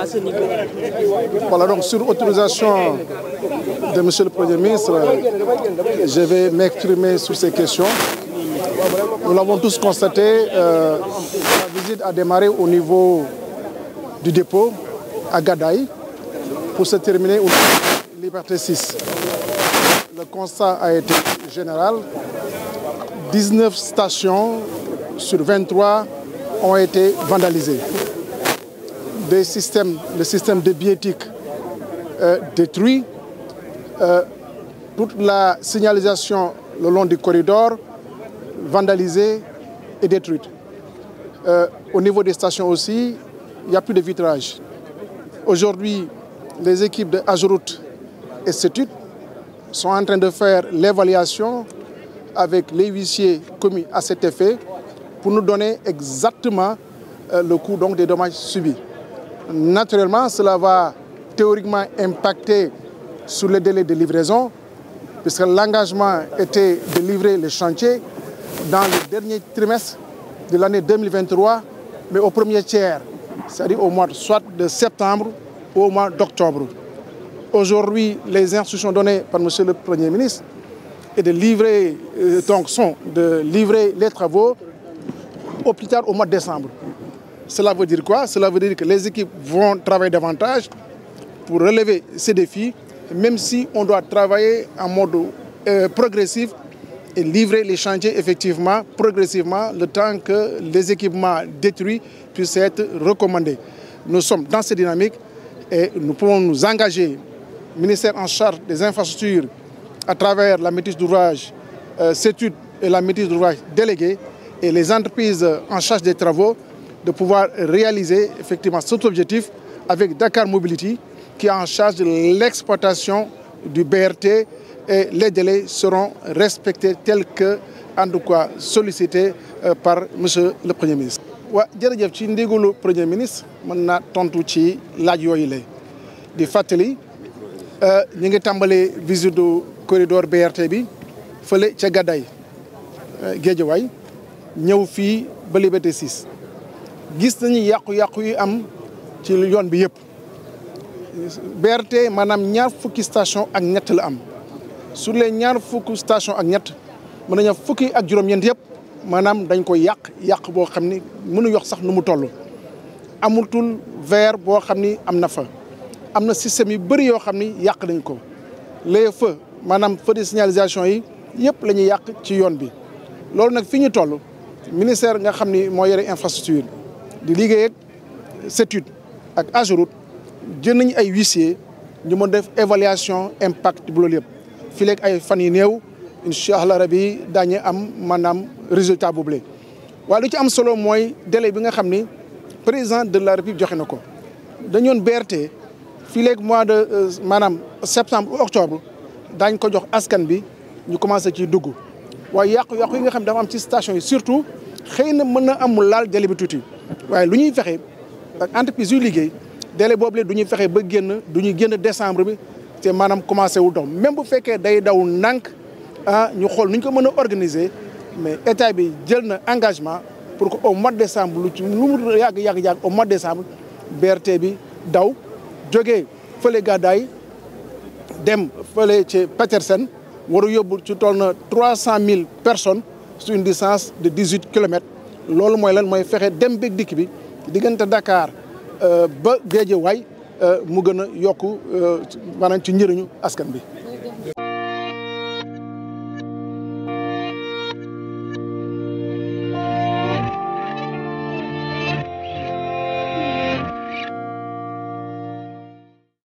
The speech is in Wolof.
à ce niveau. donc sur autorisation de le Premier ministre, je vais m'exprimer sur ces questions. Nous l'avons euh, au niveau du dépôt à pour se terminer au Liberté Le constat a général. 19 stations sur 23 ont été des systèmes, le système de biétique euh, détruit, euh, toute la signalisation le long du corridor vandalisée et détruite. Euh, au niveau des stations aussi, il n'y a plus de vitrage. Aujourd'hui, les équipes de Ajroute et CETUT sont en train de faire l'évaluation avec les huissiers commis à cet effet pour nous donner exactement euh, le coût donc, des dommages subis. naturellement, cela va théoriquement impacter sur le délai de livraison, puisque l'engagement était de livrer le chantier dans le dernier trimestre de l'année 2023, mais au premier tiers, au mois de, soit de septembre ou au mois d'octobre. Aujourd'hui, les instructions données par M. le Premier ministre et de livrer, euh, donc, sont de livrer les travaux au plus tard Cela veut dire quoi Cela veut dire que les équipes vont travailler davantage pour relever ces défis, même si on doit travailler en mode euh, progressif et livrer les chantiers effectivement progressivement le temps que les équipements détruits puissent être recommandés. Nous sommes dans cette dynamique et nous pouvons nous engager, ministère en charge des infrastructures, à travers la maîtrise d'ouvrage, euh, CETUD et la maîtrise d'ouvrage déléguée, et les entreprises en charge des de pouvoir réaliser effectivement cet objectif avec Dakar Mobility qui est en charge de l'exploitation du BRT et les délais seront respectés tels que en tout cas solicité euh, par monsieur le Premier ministre. waa jërëjëf ci ndigalu Premier ministre mën naa tontu ci laaj yooyu la di fàttali euh, ñu ngi tàmbalee visite du corridor BRT bi fële ca Gadaye euh, Guédiawaye ñëw fii ba Liberté 6 gis nañu yàqu-yàqu yi am ci yoon bi yëpp berte maanaam ñaar fukki station ak ñett la am sur les ñaar fukki station ak ñett mën nañu fukki ak juróom yëpp maanaam dañ ko yàq yàq boo xam ni mënu yox sax nu mu toll amutul verre boo xam ni am na fa am na système yu bëri yoo xam ni yàq nañ ko les feux maanaam feux de signalisation yi yëpp la ñuy yàq ci yoon bi loolu nag fi ñu toll ministère nga xam ni moo yore infrastructure di liggéey ak ak AGEROUTE jën nañu ay huissier ñu mën def évaluation impact bu yëpp fii léegi ay fan yu néew incha allah rabi daañu am maanaam résultat boobule. waaye lu ci am solo mooy délai bi nga xam ni président de la république joxe na ko dañoon BRT fii léegi mois de euh, maanaam septembre octobre daañ ko jox askan bi ñu commencer ci dugg waaye yàqu-yàqu yi nga xam dafa am ci station yi surtout. xëy na mën na amul laal délai bi tuuti waaye lu ñuy fexe ak entreprise yu liggéey délai boobu la du ñuy fexe ba génn du ñuy génn décembre bi te maanaam commencé wu dox même bu fekkee day daw ndànk ah ñu xool nu ñu ko mën a organiser mais état bi jël na engagement pour que au mois de décembre lu ci lu mu yàgg yàgg yàgg au mois de décembre BRT bi daw jóge fële gàddaay dem fële ci Petersen war a yóbbu ci toll na trois cent mille personnes. sur une distance de dix huit kilomètres loolu mooy lan mooy fexe dem beeg dikk bi diggante Dakar euh, ba Guédiawaye euh, mu gën a yokk euh, maanaam ci njëriñu askan bi.